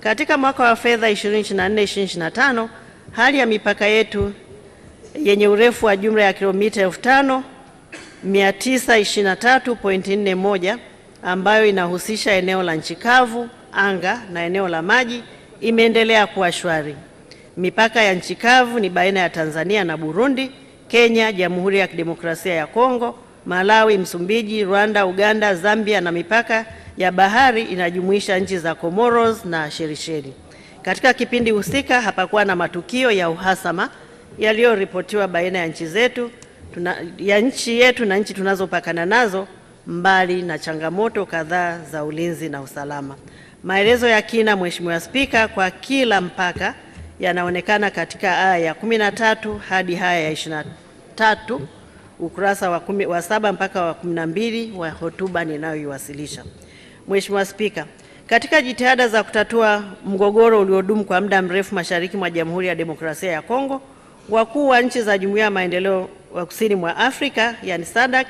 Katika mwaka wa fedha 2024/2025 hali ya mipaka yetu yenye urefu wa jumla ya kilomita 5923.41 ambayo inahusisha eneo la nchi kavu, anga na eneo la maji imeendelea kuwa shwari. Mipaka ya nchi kavu ni baina ya Tanzania na Burundi, Kenya, Jamhuri ya Kidemokrasia ya Kongo, Malawi, Msumbiji, Rwanda, Uganda, Zambia na mipaka ya bahari inajumuisha nchi za Comoros na Shelisheli. Katika kipindi husika hapakuwa na matukio ya uhasama yaliyoripotiwa baina ya nchi zetu tuna, ya nchi yetu na nchi tunazopakana nazo mbali na changamoto kadhaa za ulinzi na usalama. Maelezo ya kina, Mheshimiwa Spika, kwa kila mpaka yanaonekana katika aya ya 13 hadi haya ya 23 ukurasa wa, kumi, wa saba mpaka wa 12 wa hotuba ninayoiwasilisha. Mheshimiwa Spika, katika jitihada za kutatua mgogoro uliodumu kwa muda mrefu mashariki mwa Jamhuri ya Demokrasia ya Kongo, wakuu wa nchi za Jumuiya ya Maendeleo ya Kusini mwa Afrika yani SADC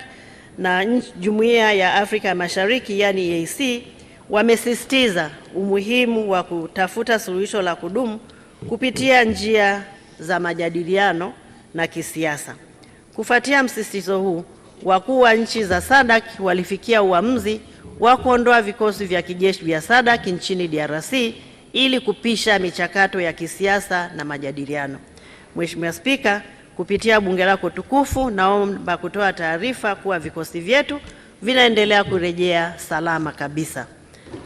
na Jumuiya ya Afrika ya Mashariki yani EAC wamesisitiza umuhimu wa kutafuta suluhisho la kudumu kupitia njia za majadiliano na kisiasa. Kufuatia msisitizo huu, wakuu wa nchi za SADC walifikia uamuzi wa kuondoa vikosi vya kijeshi vya SADC nchini DRC ili kupisha michakato ya kisiasa na majadiliano. Mheshimiwa Spika, kupitia bunge lako tukufu, naomba kutoa taarifa kuwa vikosi vyetu vinaendelea kurejea salama kabisa.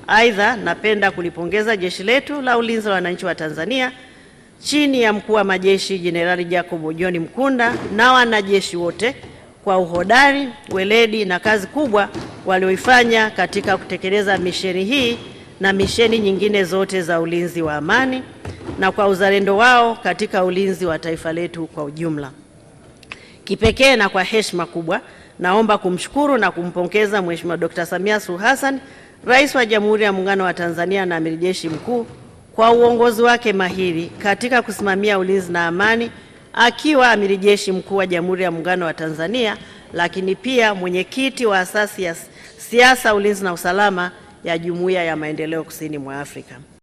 Aidha, napenda kulipongeza jeshi letu la ulinzi wa wananchi wa Tanzania chini ya mkuu wa majeshi Jenerali Jacob John Mkunda na wanajeshi wote kwa uhodari, weledi na kazi kubwa walioifanya katika kutekeleza misheni hii na misheni nyingine zote za ulinzi wa amani na kwa uzalendo wao katika ulinzi wa taifa letu kwa ujumla. Kipekee na kwa heshima kubwa, naomba kumshukuru na kumpongeza Mheshimiwa Dkt. Samia Suluhu Hassan, Rais wa Jamhuri ya Muungano wa Tanzania na Amiri Jeshi Mkuu kwa uongozi wake mahiri katika kusimamia ulinzi na amani akiwa amiri jeshi mkuu wa Jamhuri ya Muungano wa Tanzania, lakini pia mwenyekiti wa asasi ya siasa, ulinzi na usalama ya Jumuiya ya Maendeleo Kusini mwa Afrika.